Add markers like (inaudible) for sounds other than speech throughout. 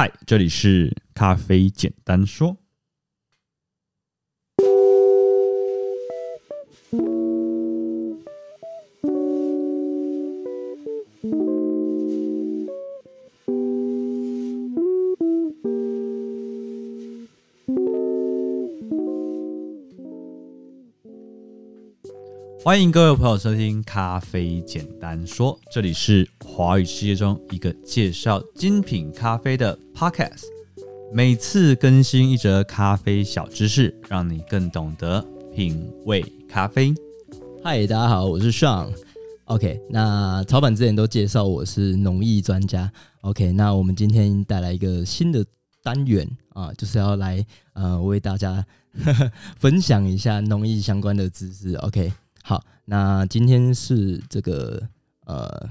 嗨，Hi，這裡是咖啡簡單說。歡迎各位朋友收聽《咖啡簡單說》，這裡是，華語世界中一個介紹精品咖啡的 podcast，每次更新一則咖啡小知識，讓你更懂得品味咖啡。嗨，大家好，我是 Sean。OK，那草板之前都介紹我是農藝專家。OK，那我們今天帶來一個新的單元啊，就是要來呃為大家呵呵分享一下農藝相關的知識。OK，好，那今天是這個呃。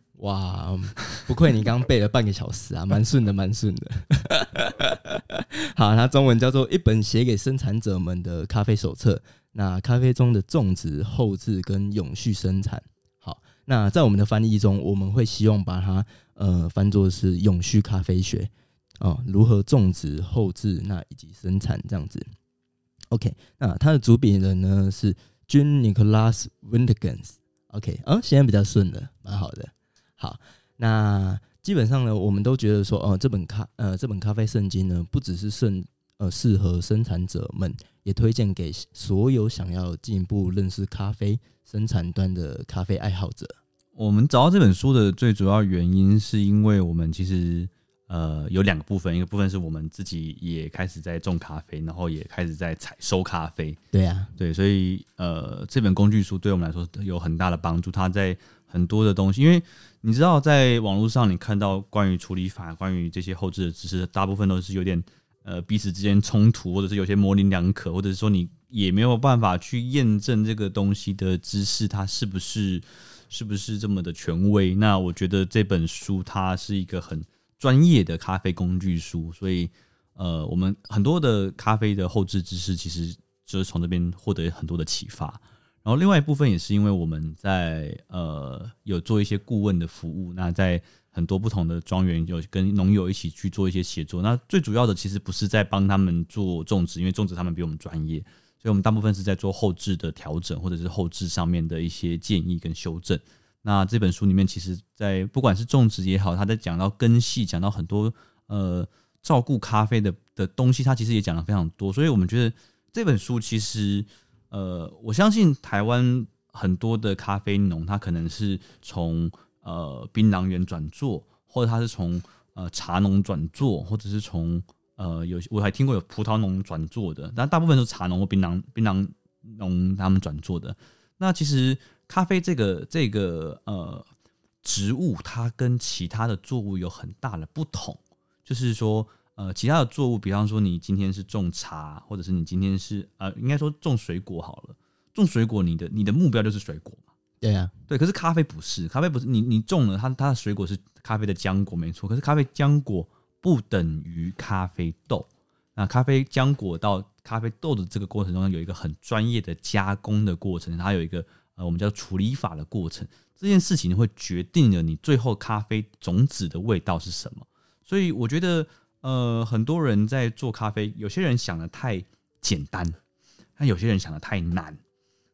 哇，不愧，你剛背了半個小時啊，蠻順的，蠻順的，哈哈哈。好，它中文叫做《一本寫給生產者們的咖啡手冊》，那咖啡中的種植、後製跟永續生產。好，那在我們的翻譯中，我們會希望把它呃翻作是《永續咖啡學》，哦，如何種植、後製，那以及生產這樣子。OK，那它的主筆人呢是 Jean Nicolas Wintgens。OK，啊，現在比較順了，蠻好的。好，那基本上呢，我們都覺得說，呃，這本咖呃這本咖啡聖經呢，不只是適呃適合生產者們，也推薦給所有想要進一步認識咖啡生產端的咖啡愛好者。我們找到這本書的最主要原因，是因為我們其實呃有兩個部分，一個部分是我們自己也開始在種咖啡，然後也開始在採收咖啡。對啊，對，所以呃，這本工具書對我們來說有很大的幫助，它在。很多的東西，因為你知道，在網絡上你看到關於處理法、關於這些後製的知識，大部分都是有點呃彼此之間衝突，或者是有些模棱兩可，或者是說你也沒有辦法去驗證這個東西的知識，它是不是是不是這麼的權威？那我覺得這本書它是一個很專業的咖啡工具書，所以呃，我們很多的咖啡的後製知識其實就是從這邊獲得很多的啟發。然後另外一部分也是因為我們在呃有做一些顧問的服務，那在很多不同的莊園有跟農友一起去做一些協作。那最主要的其實不是在幫他們做種植，因為種植他們比我們專業，所以我們大部分是在做後製的調整或者是後製上面的一些建議跟修正。那這本書裡面其實在，在不管是種植也好，他在講到根系，講到很多呃照顧咖啡的的東西，他其實也講了非常多。所以我們覺得這本書其實。呃，我相信台灣很多的咖啡農，他可能是從呃檳榔園轉做，或者他是從呃茶農轉做，或者是從呃有，我還聽過有葡萄農轉做的，但大部分都是茶農或檳榔檳榔農他們轉做的。那其實咖啡這個這個呃植物，它跟其他的作物有很大的不同，就是說。呃，其他的作物，比方說你今天是種茶，或者是你今天是呃，應該說種水果好了。種水果，你的你的目標就是水果嘛。對呀，啊，對。可是咖啡不是，咖啡不是你你種了它，它的水果是咖啡的漿果，沒錯。可是咖啡漿果不等於咖啡豆。那咖啡漿果到咖啡豆的這個過程中，有一個很專業的加工的過程，它有一個呃我們叫處理法的過程。這件事情會決定了你最後咖啡種子的味道是什麼。所以我覺得。呃，很多人在做咖啡，有些人想得太簡單，那有些人想得太難。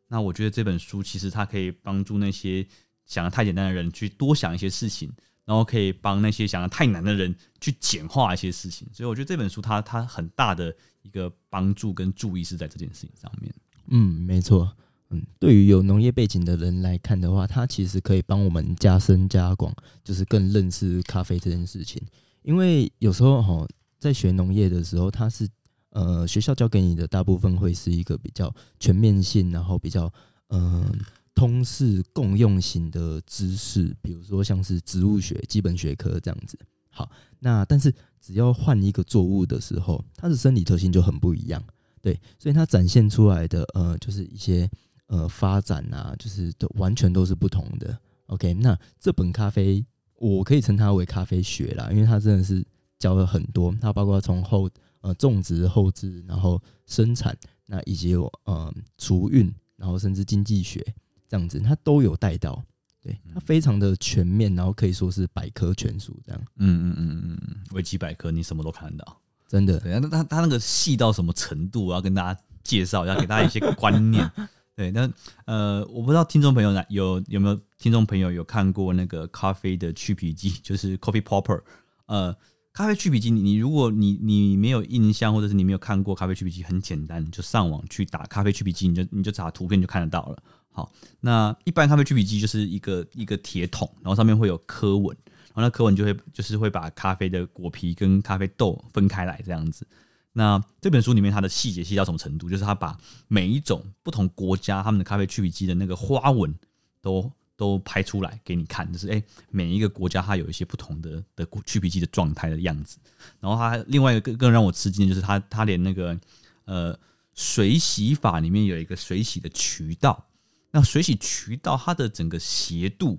那我覺得這本書其實它可以幫助那些想得太簡單的人去多想一些事情，然後可以幫那些想得太難的人去簡化一些事情。所以我覺得這本書它它很大的一個幫助跟注意是在這件事情上面。嗯，沒錯。嗯，對於有農業背景的人來看的話，它其實可以幫我們加深加廣，就是更認識咖啡這件事情。因為有時候哈，在學農業的時候，它是呃學校教給你的大部分會是一個比較全面性，然後比較嗯、呃、通識共用型的知識，比如說像是植物學基本學科這樣子。好，那但是只要換一個作物的時候，它的生理特性就很不一樣，對，所以它展現出來的呃，就是一些呃發展啊，就是都完全都是不同的。OK，那這本咖啡。我可以稱它為咖啡學啦，因為它真的是教了很多，它包括從後呃種植後製，然後生產，那以及有呃儲運，然後甚至經濟學這樣子，它都有帶到，對，它非常的全面，然後可以說是百科全書這樣。嗯嗯嗯嗯嗯，維、嗯嗯嗯、基百科你什麼都看得到，真的。對，那它它那個細到什麼程度？我要跟大家介紹，要給大家一些觀念。 (laughs) 對，那呃，我不知道聽眾朋友哪，有有沒有聽眾朋友有看過那個咖啡的去皮機，就是 coffee popper 呃，咖啡去皮機，你你如果你你沒有印象，或者是你沒有看過咖啡去皮機，很簡單，你就上網去打咖啡去皮機，你就你就查圖片就看得到了。好，那一般咖啡去皮機就是一個一個鐵桶，然後上面會有科紋，然後那科紋就會就是會把咖啡的果皮跟咖啡豆分開來這樣子。那這本書裡面它的細節細到什麼程度？就是他把每一種不同國家他們的咖啡去皮機的那個花紋都都拍出來給你看。就是哎、欸，每一個國家它有一些不同的的去皮機的狀態的樣子。然後他另外一個更更讓我吃驚的就是他他連那個呃水洗法裡面有一個水洗的渠道，那水洗渠道它的整個斜度、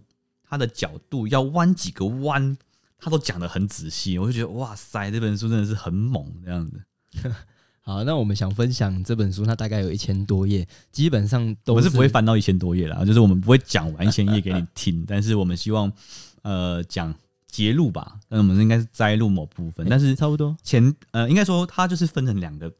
它的角度要彎幾個彎，他都講得很仔細。我就覺得哇塞，這本書真的是很猛這樣子。好，那我們想分享這本書，它大概有一千多頁，基本上都是，我是不會翻到一千多頁啦。就是我們不會講完一千頁給你聽， (laughs) 但是我們希望呃講節錄吧，那我們應該是摘錄某部分，嗯、但是差不多前呃應該說它就是分成兩個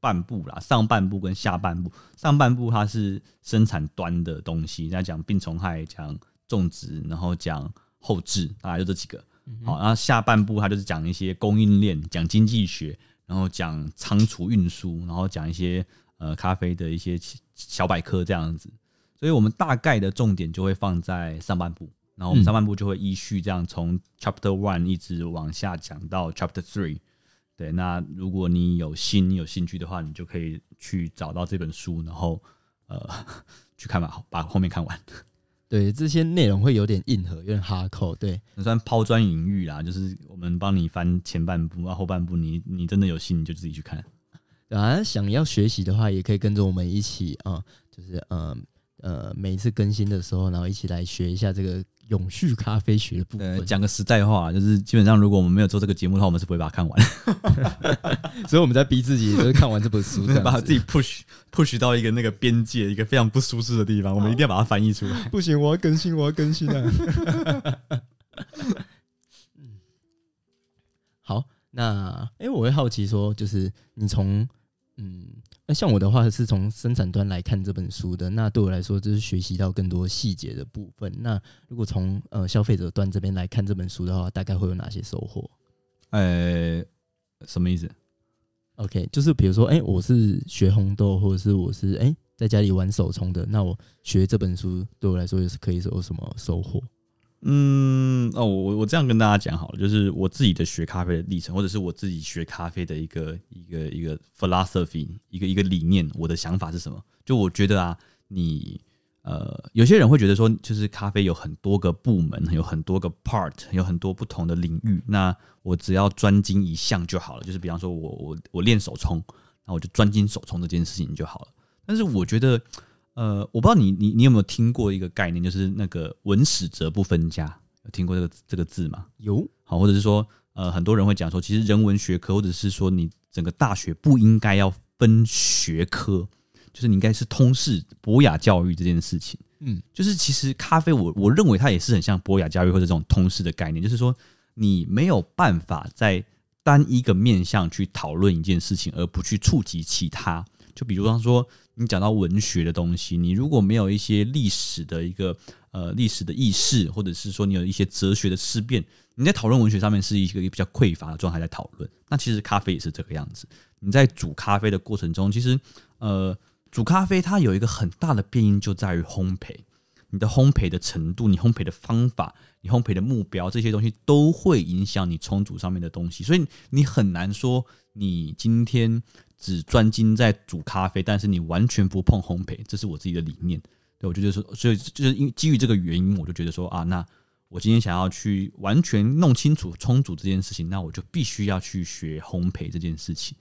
半部啦，上半部跟下半部。上半部它是生產端的東西，在講病蟲害、講種植，然後講後置啊，大概就這幾個。好，然後下半部它就是講一些供應鏈、講經濟學。然後講倉儲運輸，然後講一些呃咖啡的一些小百科這樣子，所以我們大概的重點就會放在上半部，然後我們上半部就會依序這樣從 Chapter One 一直往下講到 Chapter Three。對，那如果你有心，你有興趣的話，你就可以去找到這本書，然後呃去看吧，把後面看完。對，這些內容會有點硬核，有點哈扣。對，也算拋磚引玉啦。就是我們幫你翻前半部，啊，後後半部你你真的有興趣就自己去看。對啊，想要學習的話，也可以跟着我們一起啊，嗯，就是嗯。呃，每一次更新的時候，然後一起來學一下這個永續咖啡學的部分。講個實在話，就是基本上如果我們沒有做這個節目的話，我們是不會把它看完。 (laughs) (laughs) 所以我們在逼自己，就是看完這本書這樣子， (laughs) 把自己 push push 到一個那個邊界，一個非常不舒適的地方。我們一定要把它翻譯出來。好不行，我要更新，我要更新嗯、啊， (laughs) (laughs) 好，那哎、欸，我會好奇說，就是你從嗯。那像我的話是從生產端來看這本書的，那對我來說就是學習到更多細節的部分。那如果從呃消費者端這邊來看這本書的話，大概會有哪些收穫？呃、哎哎哎，什麼意思？OK，就是比如說，哎、欸，我是學烘豆，或者是我是哎、欸、在家裡玩手沖的，那我學這本書對我來說也是可以有什麼收穫？嗯，哦，我我這樣跟大家講好了，就是我自己的學咖啡的歷程，或者是我自己學咖啡的一個一個一個 philosophy，一個一個理念，我的想法是什麼？就我覺得啊，你呃，有些人會覺得說，就是咖啡有很多個部門，有很多個 part，有很多不同的領域。那我只要專精一項就好了，就是比方說我我我練手沖，那我就專精手沖這件事情就好了。但是我覺得。呃，我不知道你你你有沒有聽過一個概念，就是那個文史哲不分家，有聽過這個這個字嗎？有，好，或者是說，呃，很多人會講說，其實人文學科，或者是說你整個大學不應該要分學科，就是你應該是通識博雅教育這件事情。嗯，就是其實咖啡我，我我認為它也是很像博雅教育或者這種通識的概念，就是說你沒有辦法在單一個面向去討論一件事情，而不去觸及其他。就比如方說。你講到文學的東西，你如果沒有一些歷史的一個呃歷史的意識，或者是說你有一些哲學的思辨，你在討論文學上面是一個比較匱乏的狀態在討論。那其實咖啡也是這個樣子，你在煮咖啡的過程中，其實呃，煮咖啡它有一個很大的變因就在於烘焙。你的烘焙的程度，你烘焙的方法，你烘焙的目標，這些東西都會影響你沖煮上面的東西，所以你很難說你今天只專精在煮咖啡，但是你完全不碰烘焙，這是我自己的理念。對我覺得是，所以就是因基於這個原因，我就覺得說啊，那我今天想要去完全弄清楚沖煮這件事情，那我就必須要去學烘焙這件事情。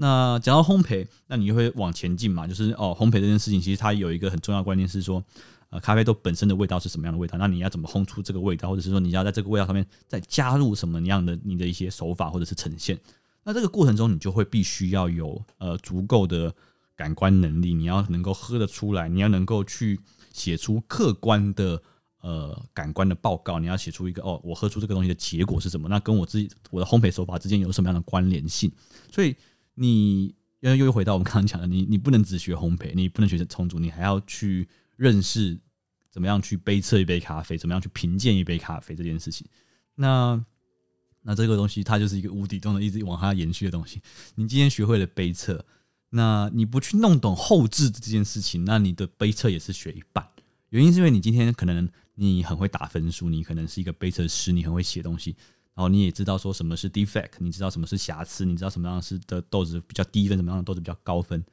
那講到烘焙，那你就會往前進嘛，就是哦，烘焙這件事情其實它有一個很重要的觀念是說。呃，咖啡豆本身的味道是什麼樣的味道？那你要怎麼烘出這個味道，或者是說你要在這個味道上面再加入什麼樣的你的一些手法，或者是呈現？那這個過程中，你就會必須要有呃足夠的感官能力，你要能夠喝得出來，你要能夠去寫出客觀的呃感官的報告，你要寫出一個哦，我喝出這個東西的結果是什麼？那跟我自己我的烘焙手法之間有什麼樣的關聯性？所以你因為又又回到我們剛剛講的，你你不能只學烘焙，你不能學充足，你還要去。認識怎麼樣去杯測一杯咖啡，怎麼樣去評鑑一杯咖啡這件事情，那那這個東西它就是一個無底洞的，一直往下延續的東西。你今天學會了杯測，那你不去弄懂後製這件事情，那你的杯測也是學一半。原因是因為你今天可能你很會打分數，你可能是一個杯測師，你很會寫東西，然後你也知道說什麼是 defect，你，你知道什麼是瑕疵，你知道什麼樣的是豆子比較低分，什麼樣的豆子比較高分，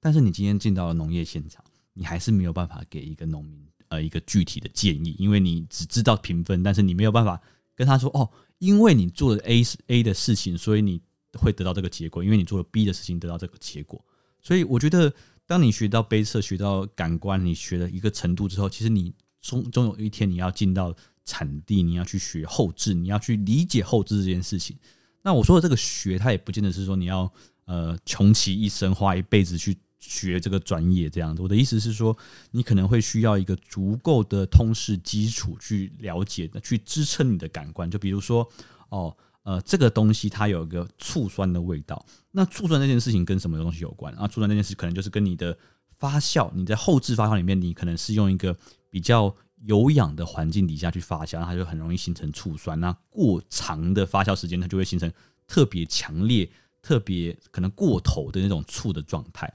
但是你今天進到了農業現場。你還是沒有辦法給一個農民呃一個具體的建議，因為你只知道評分，但是你沒有辦法跟他說哦，因為你做了 A A 的事情，所以你會得到這個結果；因為你做了 B 的事情，得到這個結果。所以我覺得，當你學到杯測、學到感官，你學了一個程度之後，其實你終終有一天你要進到產地，你要去學後製，你要去理解後製這件事情。那我說的這個學，它也不見得是說你要呃窮其一生花一輩子去。學這個專業這樣子，我的意思是說，你可能會需要一個足夠的通識基礎去了解，去支撐你的感官。就比如說，哦，呃，這個東西它有一個醋酸的味道，那醋酸這件事情跟什麼東西有關？啊，醋酸這件事可能就是跟你的發酵，你在後置發酵裡面，你可能是用一個比較有氧的環境底下去發酵，然後它就很容易形成醋酸。那過長的發酵時間，它就會形成特別強烈、特別可能過頭的那種醋的狀態。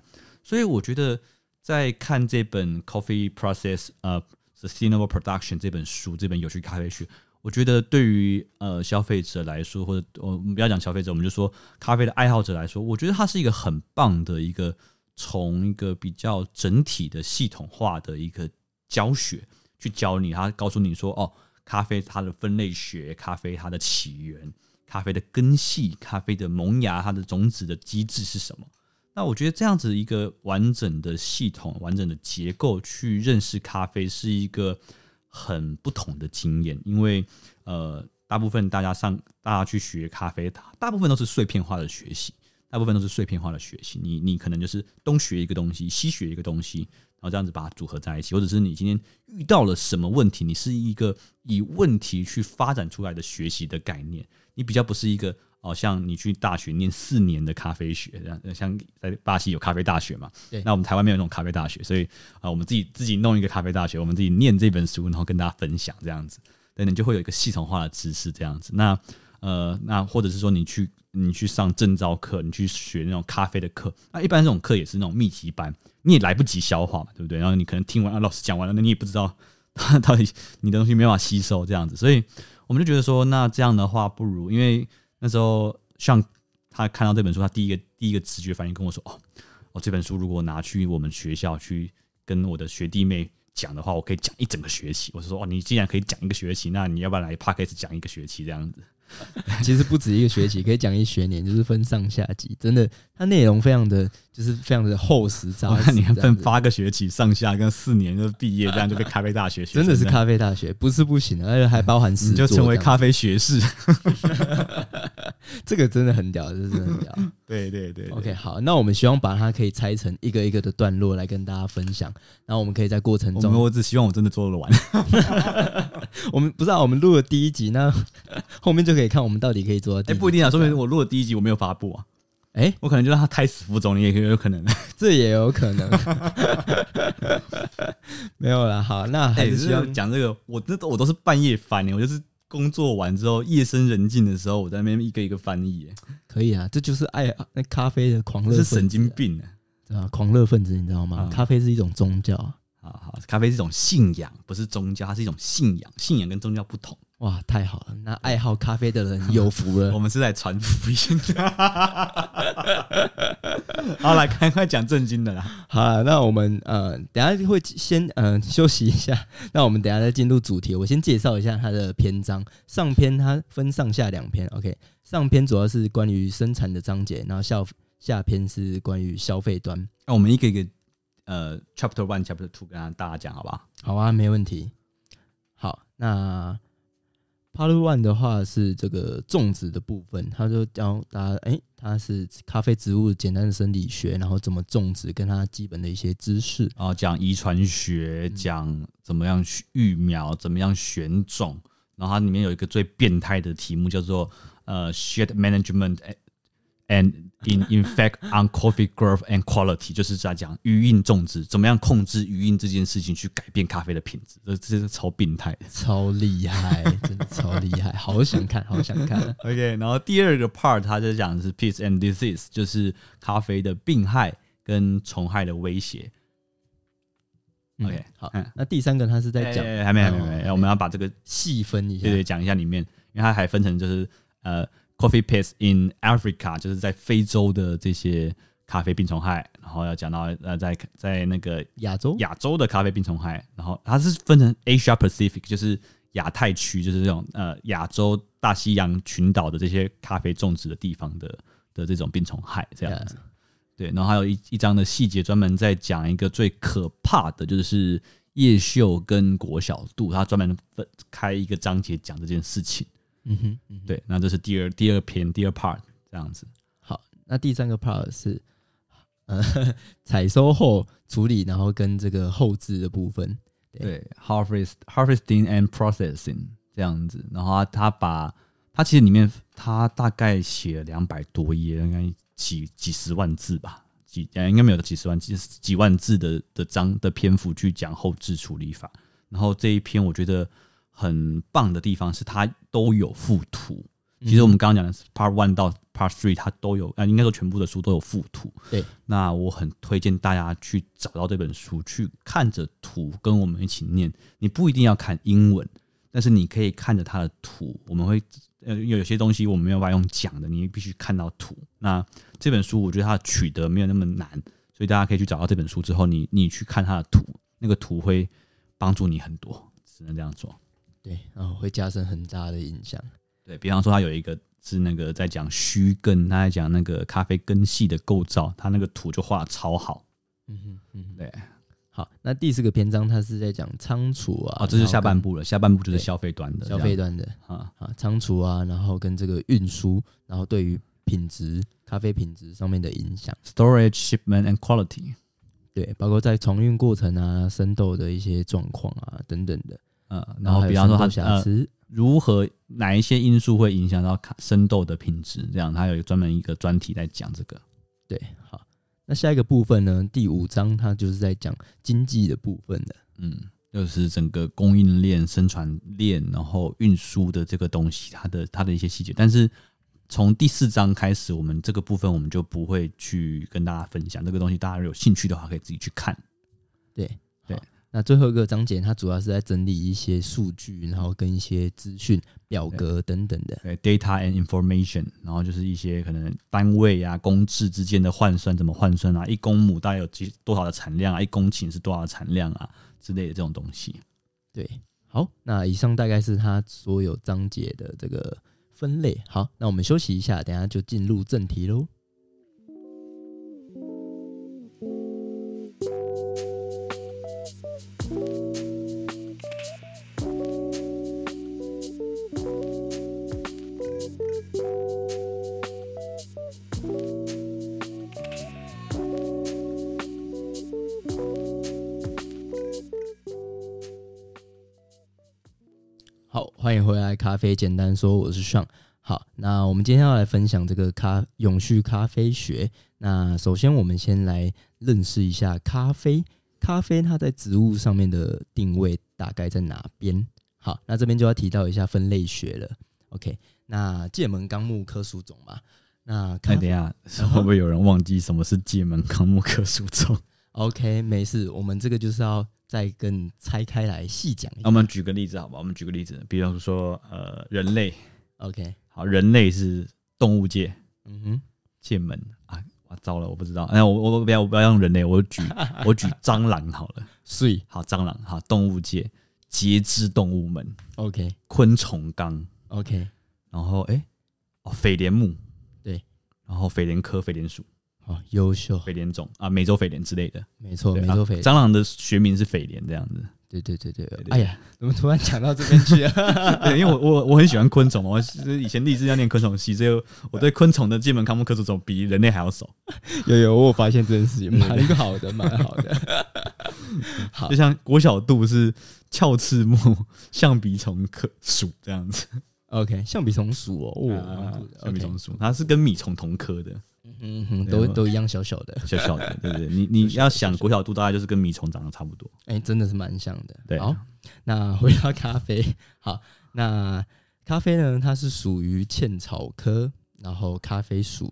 所以我覺得，在看這本《Coffee Process》，呃，《Sustainable Production》這本書，這本有趣咖啡學，我覺得對於呃消費者來說，或者我們不要講消費者，我們就說咖啡的愛好者來說，我覺得它是一個很棒的一個從一個比較整體的系統化的一個教學，去教你，他告訴你說，哦，咖啡它的分類學，咖啡它的起源，咖啡的根系，咖啡的萌芽，它的種子的機制是什麼？那我覺得這樣子一個完整的系統、完整的結構去認識咖啡是一個很不同的經驗，因為呃，大部分大家上、大家去學咖啡，大部分都是碎片化的學習，大部分都是碎片化的學習。你你可能就是東學一個東西，西學一個東西，然後這樣子把它組合在一起，或者是你今天遇到了什麼問題，你是一個以問題去發展出來的學習的概念，你比較不是一個。好像你去大學念四年的咖啡學這樣，像在巴西有咖啡大學嘛？對，那我們台灣沒有那種咖啡大學，所以啊，我們自己自己弄一個咖啡大學，我們自己念這本書，然後跟大家分享這樣子，對，你就會有一個系統化的知識這樣子。那呃，那或者是說你去你去上證照課，你去學那種咖啡的課，那一般這種課也是那種密集班，你也來不及消化嘛，對不對？然後你可能聽完啊，老師講完了，那你也不知道到底你的東西沒辦法吸收這樣子，所以我們就覺得說，那這樣的話不如因為。那時候，像他看到這本書，他第一個第一個直覺反應跟我說哦：“哦，這本書如果拿去我們學校去跟我的學弟妹講的話，我可以講一整個學期。”我說：“哦，你既然可以講一個學期，那你要不要來 Podcast 講一個學期這樣子？”其實不止一個學期，可以講一學年，就是分上下級。真的，它內容非常的，就是非常的厚實紮實。你看，分八個學期上下，跟四年就畢業，這樣就被咖啡大學學，真的是咖啡大學，不是不行的，而且還包含四年，嗯，你就成為咖啡學士。 (laughs) (laughs) 這個真的很屌，這是很屌。 (laughs) (laughs) 對對對，對，OK，好，那我們希望把它可以拆成一個一個的段落來跟大家分享。然後我們可以在過程中，因為我只希望我真的做得完。 (laughs) (laughs) (laughs) 我們不知道我們錄了第一集，那後面就可以看我們到底可以做到第一集。哎、欸，不一定啊，說明我錄了第一集，我沒有發布啊。哎、欸，我可能就讓它胎死腹中，也也有可能，啊，這也有可能。 (laughs) (laughs) 沒有啦，好，那還是講、欸、這個，我這我都是半夜翻呢、欸，我就是。工作完之後，夜深人靜的時候，我在那邊一個一個翻譯。可以啊，這就是愛那咖啡的狂熱、啊，這是神經病啊！啊，狂熱分子，你知道嗎？嗯、咖啡是一種宗教，好好，咖啡是一種信仰，不是宗教，它是一種信仰，信仰跟宗教不同。哇，太好了！那愛好咖啡的人有福了。 (laughs) 我們是在傳福音。 (laughs) 好，來，趕快講正經的啦。好啦，那我們呃，等下會先嗯、呃、休息一下。那我們等下再進入主題。我先介紹一下它的篇章。上篇它分上下兩篇，OK。上篇主要是關於生產的章節，然後下下篇是關於消費端。嗯、那我們一個一個呃，Chapter One，Chapter Two，跟大家大家講好不好？好啊，沒問題。好，那。Part One 的話是這個種植的部分，他就教大家，哎、欸，它是咖啡植物簡單的生理學，然後怎麼種植，跟它基本的一些知識，啊講遺傳學，嗯、講怎麼樣育苗，怎麼樣選種，然後它裡面有一個最變態的題目叫做，呃，shade management、A。And in, in fact, on coffee growth and quality，就是在講雨音種植怎麼樣控制雨音這件事情，去改變咖啡的品質。這真是超病態，超厲害，真的超厲害， (laughs) 好想看，好想看。OK，然後第二個 part，他在講的是 peace and disease，就是咖啡的病害跟蟲害的威脅。OK，、嗯、好，啊、那第三個他是在講，還沒、欸欸欸，還沒，我們要把這個細分一下，對，對，對，講一下裡面，因為它還分成就是呃。Coffee pests in Africa，就是在非洲的這些咖啡病蟲害，然後要講到呃，在在那個亞洲亞洲的咖啡病蟲害，然後它是分成 Asia Pacific，就是亞太區，就是這種呃亞洲大西洋群島的這些咖啡種植的地方的的這種病蟲害這樣子。Yeah. 對，然後還有一一章的細節，專門在講一個最可怕的就是葉鏽跟果小蠹，他專門分開一個章節講這件事情。嗯哼，嗯哼，對，那這是第二第二篇第二 part 這樣子。好，那第三個 part 是，呃，採收後處理，然後跟這個後製的部分。對，對，harvest harvesting and processing 這樣子。然後他，他把，他其實裡面他大概寫了兩百多頁，應該幾幾十萬字吧，幾應該沒有幾十萬，幾幾萬字的的章的篇幅去講後製處理法。然後這一篇我覺得。很棒的地方是它都有附圖。其實我們剛剛講的是 Part One 到 Part Three，它都有，啊，應該說全部的書都有附圖。對，那我很推薦大家去找到這本書，去看着圖跟我們一起念。你不一定要看英文，但是你可以看着它的圖。我們會，呃，有些東西我們沒有辦法用講的，你必須看到圖。那這本書我覺得它取得沒有那麼難，所以大家可以去找到這本書之後，你你去看它的圖，那個圖會幫助你很多，只能這樣說。對，然、哦、後會加深很大的影響。對，比方說，他有一個是那個在講鬚根，他在講那個咖啡根系的構造，他那個圖就畫超好嗯。嗯哼，嗯，對。好，那第四個篇章，他是在講倉儲啊。哦，這是下半部了，下半部就是消費端，對對端的，消費端的啊啊倉儲啊，然後跟這個運輸，然後對於品質咖啡品質上面的影響，storage, shipment and quality。對，包括在重運過程啊、生豆的一些狀況啊等等的。呃、嗯，然後比方說他，他呃，如何哪一些因素會影響到卡生豆的品質？這樣，他有一個專門一個專題在講這個。對，好，那下一個部分呢？第五章他就是在講經濟的部分的，嗯，就是整個供應鏈、生產鏈，然後運輸的這個東西，它的它的一些細節。但是從第四章開始，我們這個部分我們就不會去跟大家分享這個東西，大家有興趣的話可以自己去看。對。那最後一個章節，它主要是在整理一些數據，然後跟一些資訊、表格等等的。對，data and information，然後就是一些可能單位啊、公制之間的換算，怎麼換算啊？一公畝大概有幾多少的產量啊？一公頃是多少的產量啊？之類的這種東西。對，好，那以上大概是它所有章節的這個分類。好，那我們休息一下，等下就進入正題嘍。歡迎回來，咖啡。簡單說，我是 Sean。好，那我們今天要來分享這個咖永續咖啡學。那首先，我們先來認識一下咖啡。咖啡它在植物上面的定位大概在哪邊？好，那這邊就要提到一下分類學了。OK，那界門綱目科屬種嘛？那看等一下會不會有人忘記什麼是界門綱目科屬種 (laughs) ？OK，沒事，我們這個就是要。再跟拆開來細講一下，那我們舉個例子，好吧？我們舉個例子，比方說，呃，人類。OK。好，人類是動物界，嗯哼，界門啊，哇、啊，糟了，我不知道。哎呀，我我不要我不要用人類，我舉 (laughs) 我舉蟑螂好了。對水，好，蟑螂，好，動物界，節肢動物門。OK，昆蟲綱。OK，然後誒、欸，哦，蜚蠊目，對，然後蜚蠊科，蜚蠊屬。優秀蜚蠊種啊，美洲蜚蠊之類的，沒錯，美洲蜚蠊，蟑螂的學名是蜚蠊這樣子。對對對對，哎呀，怎麼突然講到這邊去了？對，因為我我很喜歡昆蟲，我以前立志要念昆蟲系，所以我對昆蟲的基本科目科數總比人類還要少。有有，我有發現這件事情，蠻好的，蠻好的。好，就像果小蠹是鞘翅目象鼻蟲科屬這樣子。OK，象鼻蟲屬哦，象鼻蟲屬，它是跟米蟲同科的。嗯哼，都都一樣小小的對，小小的，對不對，對？你你要想國小度，大概就是跟米蟲長得差不多。哎、欸，真的是蠻像的。好，對那回到咖啡。好，那咖啡呢？它是屬於茜草科，然後咖啡屬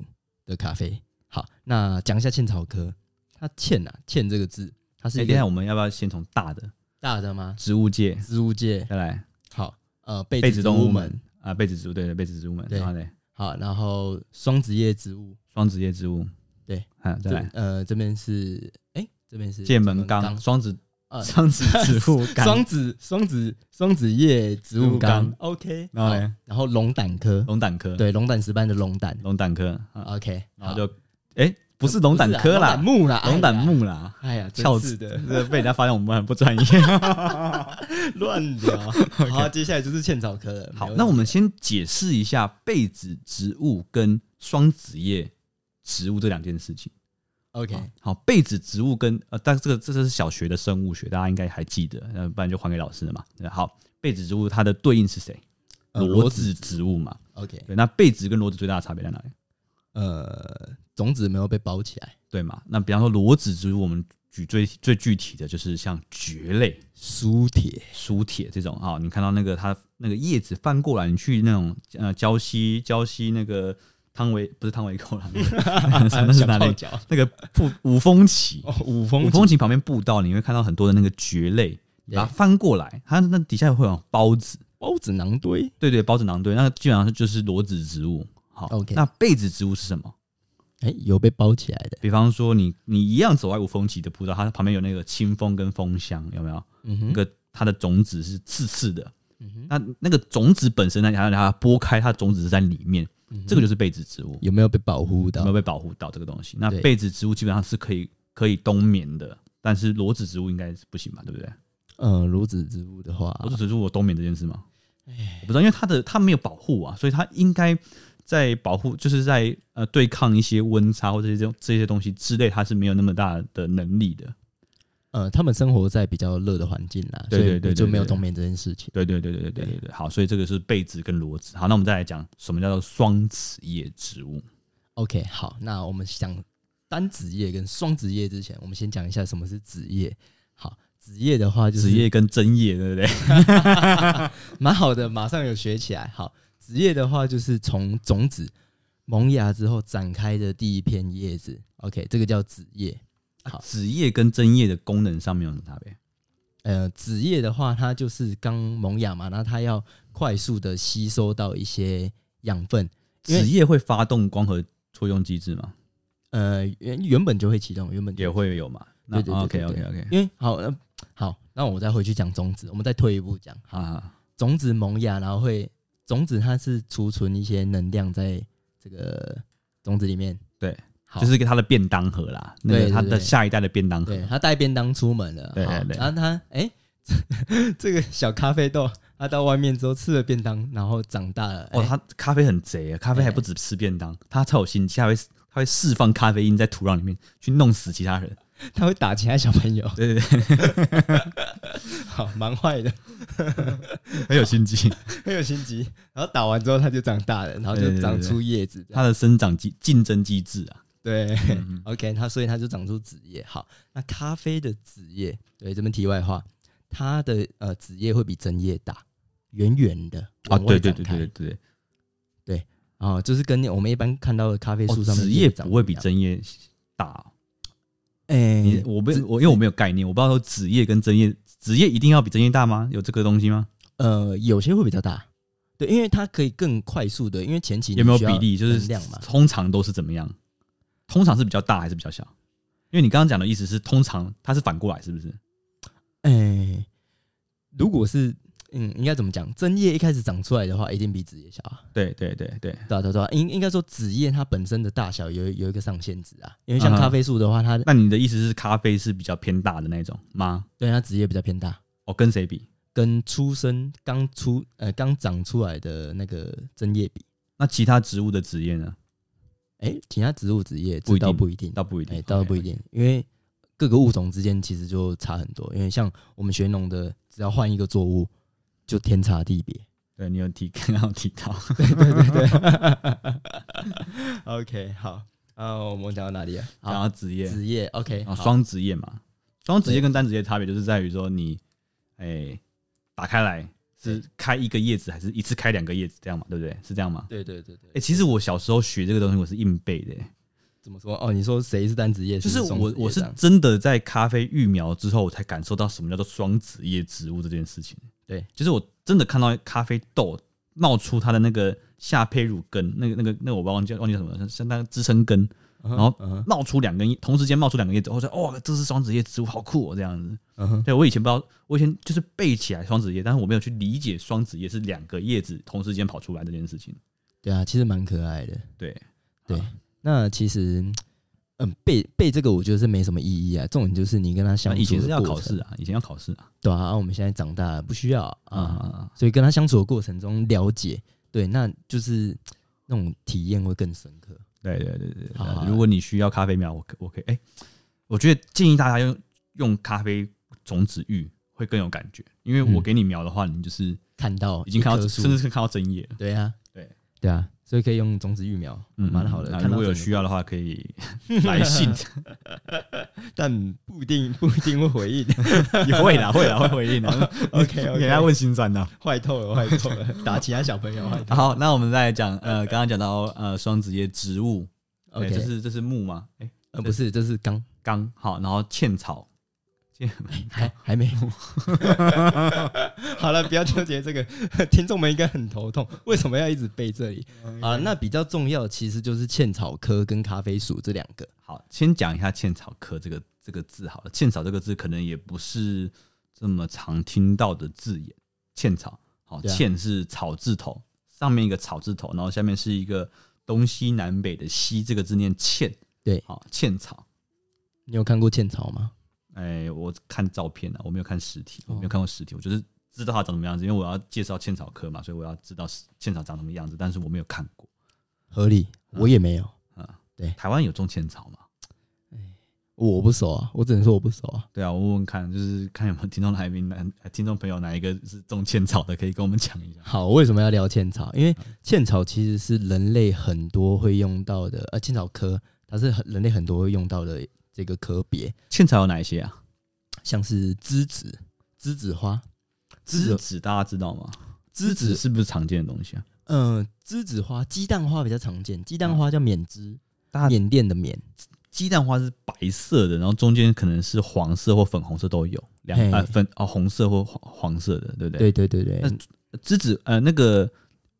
的咖啡。好，那講一下茜草科。它茜啊，茜這個字，它是一。等一下、欸、我們要不要先從大的？大的嗎？植物界，植物界。再來，好。呃，被被子，子動物門啊，被子植物，對對，對，被子植物門。好的對。對好，然後雙子葉植物，雙子葉植物，對，好再來，呃，這邊是，哎，這邊是劍門綱，雙子，呃，雙子植物綱，雙子，雙子，雙子葉植物綱，OK，然後好，哎、然後龍膽科，龍膽科，對，龍膽石斑的龍膽，龍膽科，OK，好然後就，哎。不是龍膽科啦，龍膽木啦，龍膽木啦，哎呀，笑死的，被人家發現我們很不專業，亂聊。好，接下來就是茜草科了。好，那我們先解釋一下被子植物跟雙子葉植物這兩件事情。OK，好，被子植物跟呃，但這個這是小學的生物學，大家應該還記得，不然就還給老師了嘛。好，被子植物它的對應是誰？裸子植物嘛。OK，對，那被子跟裸子最大的差別在哪裡？呃，種子沒有被包起來，對嘛？那比方說裸子植物，我們舉最最具體的就是像蕨類、蘇鐵鐵、蘇鐵這種啊、哦。你看到那個它那個葉子翻過來，你去那種呃礁溪礁溪那個湯圍，不是湯圍溝了， (laughs) 那是哪裡？郊那個布五峰旗，五峰五峰旗旁邊步道，你會看到很多的那個蕨類，然後翻過來，對它那底下會有孢子，孢子囊堆，對，對對，孢子囊堆，那基本上就是裸子植物。好，Okay 那被子植物是什麼？哎、欸，有被包起來的，比方說你你一樣走外無風起的葡萄，它旁邊有那個清風跟風香，有沒有？嗯哼，那個它的種子是刺刺的，嗯哼，那那個種子本身呢，然要讓它剝開，它的種子是在裡面，嗯、哼這個就是被子植物，有沒有被保護到？有沒有被保護到這個東西？那被子植物基本上是可以可以冬眠的，但是裸子植物應該是不行吧？對不對？嗯，裸子植物的話，裸子植物有冬眠這件事嗎？哎、欸，不知道，因為它的它沒有保護啊，所以它應該。在保護，就是在呃對抗一些溫差或者這些這些東西之類，它是沒有那麼大的能力的。呃，他們生活在比較熱的環境啦，對對對,對,對對對，就沒有冬眠這件事情。對對,對對對對對對對。好，所以這個是被子跟裸子。好，那我們再來講什麼叫做雙子葉植物。OK，好，那我們想單子葉跟雙子葉之前，我們先講一下什麼是子葉。好，子葉的話就是子葉跟真葉，對不對？蠻 (laughs) 好的，馬上有學起來。好。子葉的話，就是從種子萌芽之後展開的第一片葉子。OK，這個叫子葉。子葉、啊、跟真葉的功能上面有什麼差別？呃，子葉的話，它就是剛萌芽嘛，那它要快速的吸收到一些養分。子葉會發動光合作用機制嗎？呃，原原本就會啟動，原本就會啟動，也會有嘛。那對對對對對 OK OK OK。因為好、呃、好，那我再回去講種子，我們再退一步講啊，種子萌芽然後會。種子它是儲存一些能量在這個種子裡面，對，好就是它的便當盒啦，對，它的下一代的便當盒，它帶便當出門了，對對對，然後它，哎、欸， (laughs) 這個小咖啡豆，它到外面之後吃了便當，然後長大了，欸、哦，它咖啡很賊啊，咖啡還不止吃便當，它、欸、超有心機，他會它會釋放咖啡因在土壤裡面去弄死其他人。他會打其他小朋友。對對對， (laughs) (laughs) 好，蠻壞的， (laughs) 很有心機，很有心機。然後打完之後，他就長大了，然後就長出葉子，子對對對對。他的生長機競爭機制啊對，對、嗯嗯、，OK，他所以他就長出子葉。好，那咖啡的子葉，對，這邊題外話，它的呃子葉會比真葉大，圓圓的啊，對對對對對對，對，對，啊、呃，就是跟我們一般看到的咖啡樹上面、哦、子葉不會比真葉大啊。哎、欸，我不，我因為我沒有概念，我不知道子葉跟真葉，子葉一定要比真葉大嗎？有這個東西嗎？呃，有些會比較大，對，因為它可以更快速的，因為前期有沒有比例？就是通常都是怎麼樣？通常是比較大還是比較小？因為你剛剛講的意思是，通常它是反過來，是不是？哎、欸，如果是。嗯，應該怎麼講？真葉一開始長出來的話，A、一定比子葉小啊，對對對對啊。對對對對，對對應應該說，子葉它本身的大小有有一個上限值啊。因為像咖啡樹的話它，它、啊、那你的意思是咖啡是比較偏大的那種嗎？對，它子葉比較偏大。哦，跟誰比？跟出生剛出呃剛長出來的那個真葉比。那其他植物的子葉呢？哎、欸，其他植物子葉不一定，不一定，倒不一定，欸、不一定，哦、嘿因為各個物種之間其實就差很多。因為像我們學農的，只要換一個作物。就天差地別，對你有提，剛剛有提到，對對對對，哈哈哈哈哈。OK，好，呃，我們講到哪裡啊？講到子葉，子葉，OK，然後雙子葉嘛，雙子葉跟單子葉的差別就是在於說，你，哎，打開來是開一個葉子，還是一次開兩個葉子，這樣嘛，對不對？是這樣嗎？對對對對。哎，其實我小時候學這個東西，我是硬背的。怎麼說？哦，你說誰是單子葉？就是我，我是真的在咖啡育苗之後，我才感受到什麼叫做雙子葉植物這件事情。對，就是我真的看到咖啡豆冒出它的那個下胚乳根，那個那個那個我不知道忘記忘記叫什麼，相當於支撐根，uh、huh, 然後冒出兩根，uh huh，同時間冒出兩個葉子，我說哦，這是雙子葉植物，好酷哦，喔，這樣子。Uh huh，對，我以前不知道，我以前就是背起來雙子葉，但是我沒有去理解雙子葉是兩個葉子同時間跑出來這件事情。對啊，其實蠻可愛的。對好對，那其實。嗯，背背這個我覺得是沒什麼意義啊。重點就是你跟他相處的過程，以前是要考試啊，以前要考試啊。對啊，我們現在長大了，不需要啊。嗯、啊所以跟他相處的過程中，了解，對，那就是那種體驗會更深刻。對，對對對對，啊、如果你需要咖啡苗，我可我可以，哎、欸，我覺得建議大家用用咖啡種子育會更有感覺，因為我給你苗的話，嗯、你就是看到，已經看到，甚至是看到整葉。對啊對對啊。對對啊所以可以用種子育苗，嗯，蠻好的。如果有需要的話，可以來信，但不一定不一定會回應。會的，會的，會回應的。OK，OK，他問辛酸的，壞透了，壞透了。打其他小朋友壞透了。好，那我們再講，呃，剛剛講到，呃，雙子葉植物，OK，這是這是木嗎？呃，不是，這是鋼鋼，好，然後茜草。還還沒，好了，不要糾結這個。聽眾們應該很頭痛，為什麼要一直背這裡？Okay. 啊，那比較重要的其實就是茜草科跟咖啡屬這兩個。好，先講一下茜草科這個這個字好了。茜草這個字可能也不是這麼常聽到的字眼。茜草，好、哦，茜、啊、是草字頭，上面一個草字頭，然後下面是一個東西南北的西這個字念茜，對，好、哦，茜草。你有看過茜草嗎？哎、欸，我看照片呢、啊，我沒有看實體，我沒有看過實體，我就是知道它長什麼樣子。因為我要介紹茜草科嘛，所以我要知道茜草長什麼樣子，但是我沒有看過，合理。啊、我也沒有啊。對，台灣有種茜草嗎？哎，我不熟啊，我只能說我不熟啊。對啊，我問問看，就是看有沒有聽眾來賓、聽眾朋友哪一個是種茜草的，可以跟我們講一下。好，我為什麼要聊茜草？因為茜草其實是人類很多會用到的，呃、啊，茜草科它是人類很多會用到的。一個科別，茜草，有哪一些啊？像是梔子、梔子花、梔子，子，大家知道嗎？梔子，子是不是常見的東西啊？嗯、呃，梔子花、雞蛋花比較常見。雞蛋花叫緬梔，緬甸、啊、的緬。雞蛋花是白色的，然後中間可能是黃色或粉紅色都有，兩啊嘿、呃、粉啊、呃、紅色或黃黃色的，對不對？對對對對。那梔子呃，那個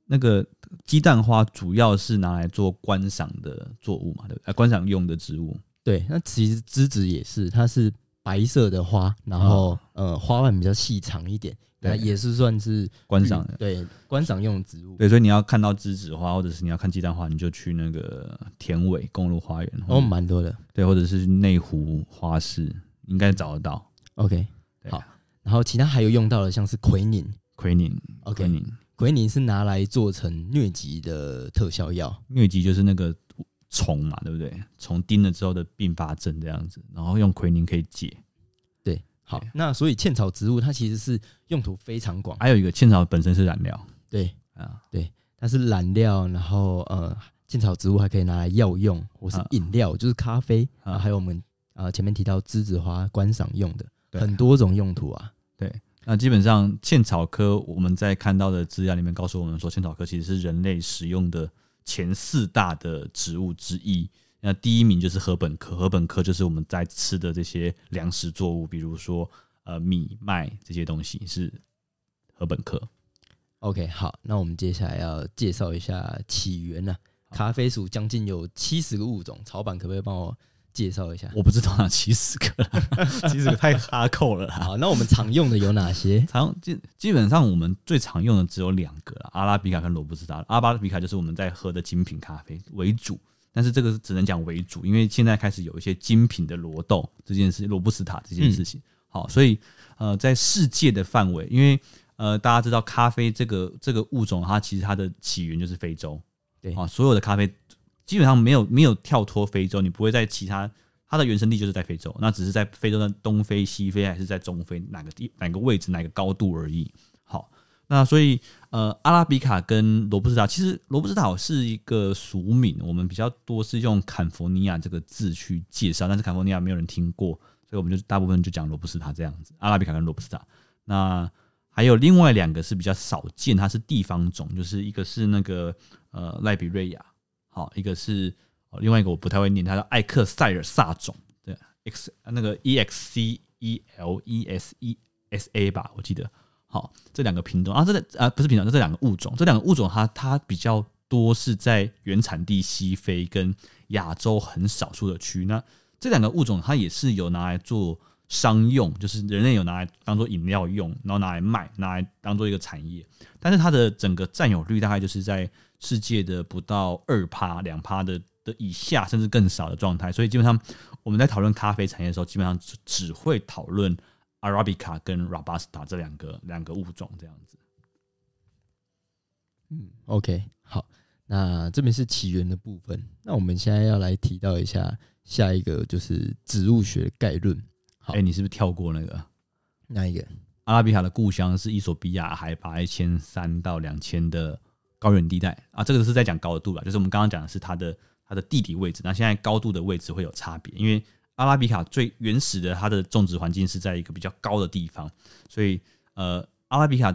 那個雞蛋花主要是拿來做觀賞的作物嘛，對不對？呃、觀賞用的植物。對，那其實梔子也是，它是白色的花，然後、哦、呃，花瓣比較細長一點，那也是算是觀賞，對，觀賞用的植物。對，所以你要看到梔子花或者是你要看雞蛋花，你就去那個田尾公路花園哦，蠻多的，對，或者是內湖花市應該找得到。OK，對好，然後其他還有用到的像是奎寧，奎寧，OK，奎寧是拿來做成瘧疾的特效藥，瘧疾就是那個。蟲嘛，對不對？蟲叮了之後的併發症這樣子，然後用奎寧可以解。對，好，對那所以茜草植物它其實是用途非常廣。還有一個茜草本身是染料，對啊，對，它是染料。然後呃，茜草植物還可以拿來藥用，或是飲料，啊、就是咖啡啊，還有我們啊、呃、前面提到梔子花觀賞用的，對很多種用途啊。對，那基本上茜草科我們在看到的資料裡面告訴我們說，茜草科其實是人類使用的。前四大的植物之一，那第一名就是禾本科。禾本科就是我們在吃的這些糧食作物，比如說呃米、麥這些東西是禾本科。OK，好，那我們接下來要介紹一下起源了啊。咖啡屬將近有七十個物種，草板可不可以幫我？介紹一下，我不知道啊，七十個， (laughs) 七十個太哈扣了啦。好，那我們常用的有哪些？常基基本上我們最常用的只有兩個，阿拉比卡跟羅布斯塔。阿拉比卡就是我們在喝的精品咖啡為主，但是這個是只能講為主，因為現在開始有一些精品的羅豆這件事，羅布斯塔這件事情。嗯、好，所以呃，在世界的範圍，因為呃，大家知道咖啡這個這個物種，它其實它的起源就是非洲，對啊、哦，所有的咖啡。基本上沒有沒有跳脫非洲，你不會在其他，它的原生地就是在非洲，那只是在非洲的東非、西非還是在中非哪個地哪個位置、哪個高度而已。好，那所以呃，阿拉比卡跟羅布斯塔，其實羅布斯塔是一個俗名，我們比較多是用“坎佛尼亞”這個字去介紹，但是“坎佛尼亞”沒有人聽過，所以我們就大部分就講羅布斯塔這樣子。阿拉比卡跟羅布斯塔，那還有另外兩個是比較少見，它是地方種，就是一個是那個呃，賴比瑞亞。好，一個是，另外一個我不太會念，它叫艾克塞爾薩種，對，X 那個 E X C E L E S E S A 吧，我記得。好，這兩個品種啊，這啊，不是品種，就這兩個物種，這兩個物種它它比較多是在原產地西非跟亞洲很少數的區域。那這兩個物種它也是有拿來做。商用就是人類有拿來當做飲料用，然後拿來賣，拿來當做一個產業。但是它的整個佔有率大概就是在世界的不到二趴、兩趴的的以下，甚至更少的狀態。所以基本上我們在討論咖啡產業的時候，基本上只只會討論阿拉比卡跟羅巴斯塔這兩個兩個物種這樣子。嗯，OK，好，那這邊是起源的部分。那我們現在要來提到一下下一個就是植物學概論。哎、欸，你是不是跳過那個？那一個？阿拉比卡的故鄉是伊索比亞海拔一千三到兩千的高原地帶啊。這個是在講高度吧？就是我們剛剛講的是它的它的地理位置。那現在高度的位置會有差別，因為阿拉比卡最原始的它的種植環境是在一個比較高的地方，所以呃，阿拉比卡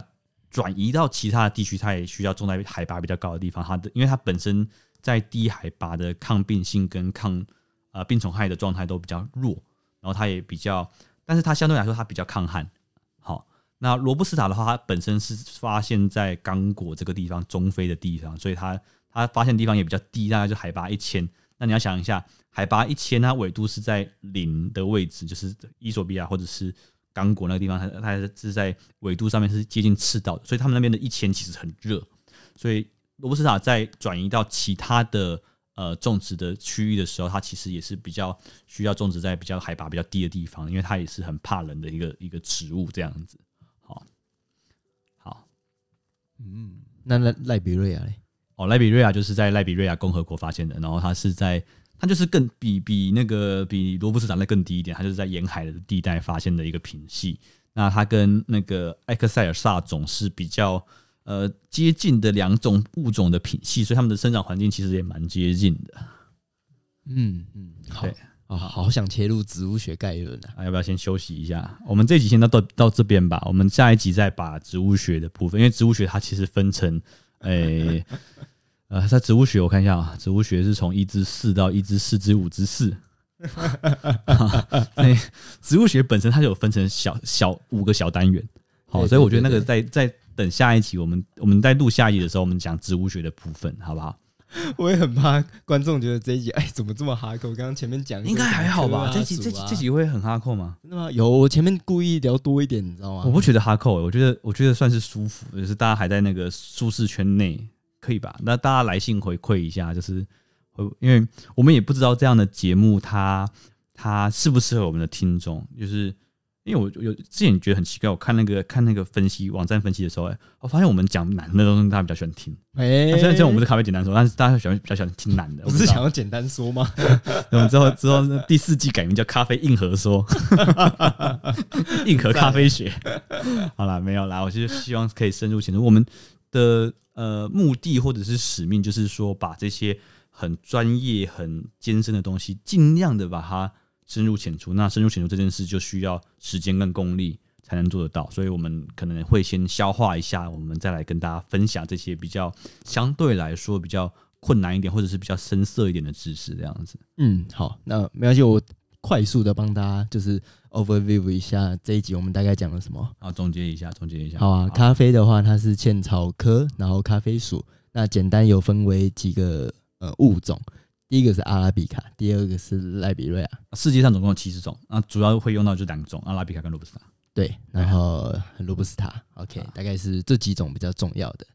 轉移到其他的地區，它也需要種在海拔比，比較高的地方。它的因為它本身在低海拔的抗病性跟抗呃病蟲害的狀態都比較弱。然後它也比較，但是它相對來說它比較抗旱。好，那羅布斯塔的話，它本身是發現在剛果這個地方，中非的地方，所以它它發現的地方也比較低，大概就海拔一千。那你要想一下，海拔一千，它緯度是在零的位置，就是伊索比亞或者是剛果那個地方，它它是在緯度上面是接近赤道，所以他們那邊的一千其實很熱。所以羅布斯塔再轉移到其他的。呃，種植的區域的時候，它其實也是比較需要種植在比較海拔比較低的地方，因為它也是很怕冷的一個一個植物這樣子。好，好，嗯，那那賴比瑞亞嘞？哦，賴比瑞亞就是在賴比瑞亞共和國發現的，然後它是在它就是更比比那個比羅布斯長得更低一點，它就是在沿海的地帶發現的一個品系。那它跟那個艾克塞爾薩總是比較呃，接近的兩種物種的品系，所以它們的生長環境其實也蠻接近的。嗯嗯，嗯對好啊，好想切入植物學概論啊，啊，要不要先休息一下？我們這一集先到到到這邊吧。我們下一集再把植物學的部分，因為植物學它其實分成誒、欸，呃，在植物學我看一下啊、喔，植物學是從一至四到一至四至五至四，植物學本身它就有分成小小五個小單元。好、喔，所以我覺得那個在在。等下一期，我們我們在錄下一期的時候，我們講植物學的部分，好不好？我也很怕觀眾覺得這一集，哎，怎麼這麼哈扣？剛剛前面講、啊、應該還好吧？啊、這集、啊、這集這集這集會很哈扣嗎？那麼有我前面故意聊多一點，你知道嗎？我不覺得哈扣，我覺得我覺得算是舒服，就是大家還在那個舒適圈內，可以吧？那大家來信回饋一下，就是因為我們也不知道這樣的節目它，它它適不適合我們的聽眾，就是。因為我有之前覺得很奇怪，我看那個看那個分析網站分析的時候，哎，我發現我們講難的東西，大家比較喜歡聽。雖然雖然我們的咖啡簡單說，但是大家喜歡比較喜歡聽難的。欸、不我是想要簡單說嗎？ (laughs) 然後之後，之後第四季改名叫《咖啡硬核說》， (laughs) (laughs) 硬核咖啡學。好了，沒有啦，我就希望可以深入淺出。我們的呃目的或者是使命，就是說把這些很專業、很艱深的東西，盡量的把它。深入淺出，那深入淺出這件事就需要時間跟功力才能做得到，所以我們可能會先消化一下，我們再來跟大家分享這些比較相對來說比較困難一點，或者是比較深色一點的知識，這樣子。嗯，好，那沒關係，我快速的幫大家就是 overview 一下這一集我們大概講了什麼？好，總結一下，總結一下。好啊，好啊，咖啡的話，它是茜草科，然後咖啡屬，那簡單有分為幾個呃物種。第一個是阿拉比卡，第二個是賴比瑞亞。世界上總共有七十種，那主要會用到就兩種，阿拉比卡跟羅布斯塔。對，然後羅對布斯塔。OK，、啊、大概是這幾種比較重要的。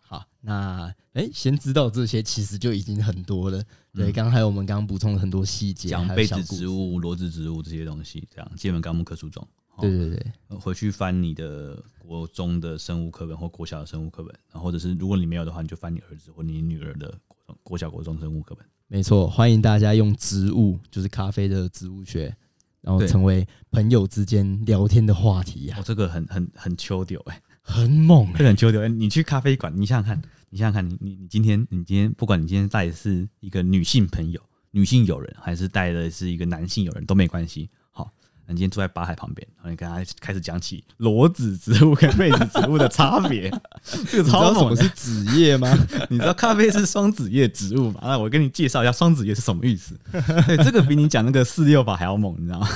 好，那哎、欸，先知道這些其實就已經很多了。對，剛剛、嗯嗯、還有我們剛剛補充了很多細節，講被子植物、裸子植物這些東西，這樣界門綱目科屬種。對對對，回去翻你的國中的生物課本或國小的生物課本，然後或者是如果你沒有的話，你就翻你兒子或你女兒的國國小國中生物課本。沒錯，歡迎大家用植物，就是咖啡的植物學，然後成為朋友之間聊天的話題呀、啊。哦，這個很很很秋丟哎，很猛，很秋丟、欸欸欸、你去咖啡館，你想想看，你想想看，你你今天，你今天，不管你今天帶的是一個女性朋友、女性友人，還是帶的是一個男性友人，都沒關係。好，你今天坐在吧台旁邊，然後你跟他開始講起裸子植物跟被子植物的差別。 (laughs) 這個超猛是子葉嗎？你知道咖啡是雙子葉植物嗎？那我跟你介紹一下，雙子葉是什麼意思？這個比你講那個四六法還要猛，你知道嗎？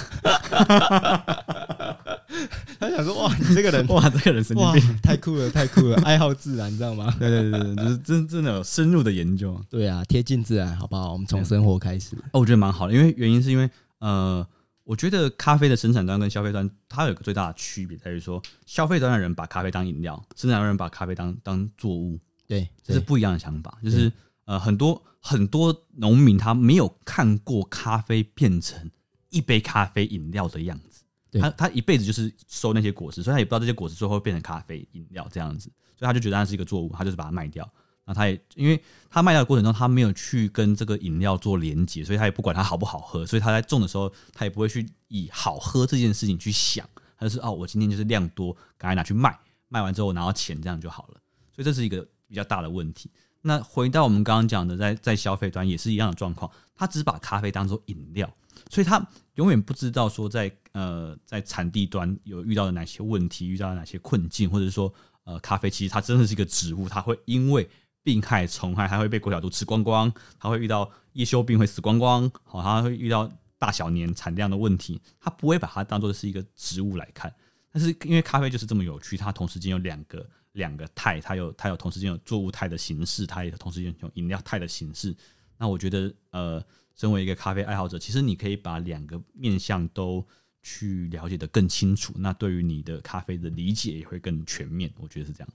他想說哇，你這個人哇，這個人神經病，太酷了，太酷了，愛好自然，你知道嗎？對對對，真真的有深入的研究。對啊，貼近自然，好不好？我們從生活開始。哦，我覺得蠻好的，因為原因是因為呃。我覺得咖啡的生產端跟消費端，它有個最大的區別在於說，消費端的人把咖啡當飲料，生產端的人把咖啡當當作物，對，這是不一樣的想法。對就是呃，很多很多農民他沒有看過咖啡變成一杯咖啡飲料的樣子，對他他一輩子就是收那些果實，所以他也不知道這些果實最後會變成咖啡飲料這樣子，所以他就覺得那是一個作物，他就是把它賣掉。那、啊、他也，因為他賣掉的過程中，他沒有去跟這個飲料做連接，所以他也不管它好不好喝，所以他在種的時候，他也不會去以好喝這件事情去想，他是哦，我今天就是量多，趕快拿去賣，賣完之後我拿到錢，這樣就好了。所以這是一個比較大的問題。那回到我們剛剛講的，在在消費端也是一樣的狀況，他只把咖啡當做飲料，所以他永遠不知道說在呃在產地端有遇到的哪些問題，遇到的哪些困境，或者是說呃咖啡其實它真的是一個植物，它會因為病害蟲害，它會被果小蠹吃光光；它會遇到葉鏽病，會死光光。好、哦，它會遇到大小年產量的問題。它不會把它當做是一個植物來看。但是因為咖啡就是這麼有趣，它同時間有兩個兩個態，它有它有同時間有作物態的形式，它也同時間有飲料態的形式。那我覺得，呃，身為一個咖啡愛好者，其實你可以把兩個面向都去了解得更清楚。那對於你的咖啡的理解也會更全面。我覺得是這樣。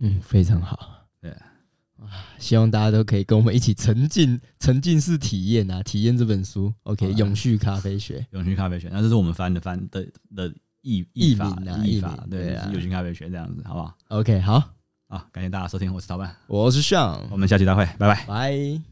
嗯，非常好。對。哇，希望大家都可以跟我們一起沉浸沉浸式體驗啊，體驗這本書。OK，啊《永續咖啡學》。永續咖啡學，那這是我們翻的翻的的譯譯法兩個譯法譯名對，對啊《永續咖啡學》這樣子，好不好？OK，好啊，感謝大家收聽，我是陶爸，我是 Shawn，我們下期再會，拜拜，拜。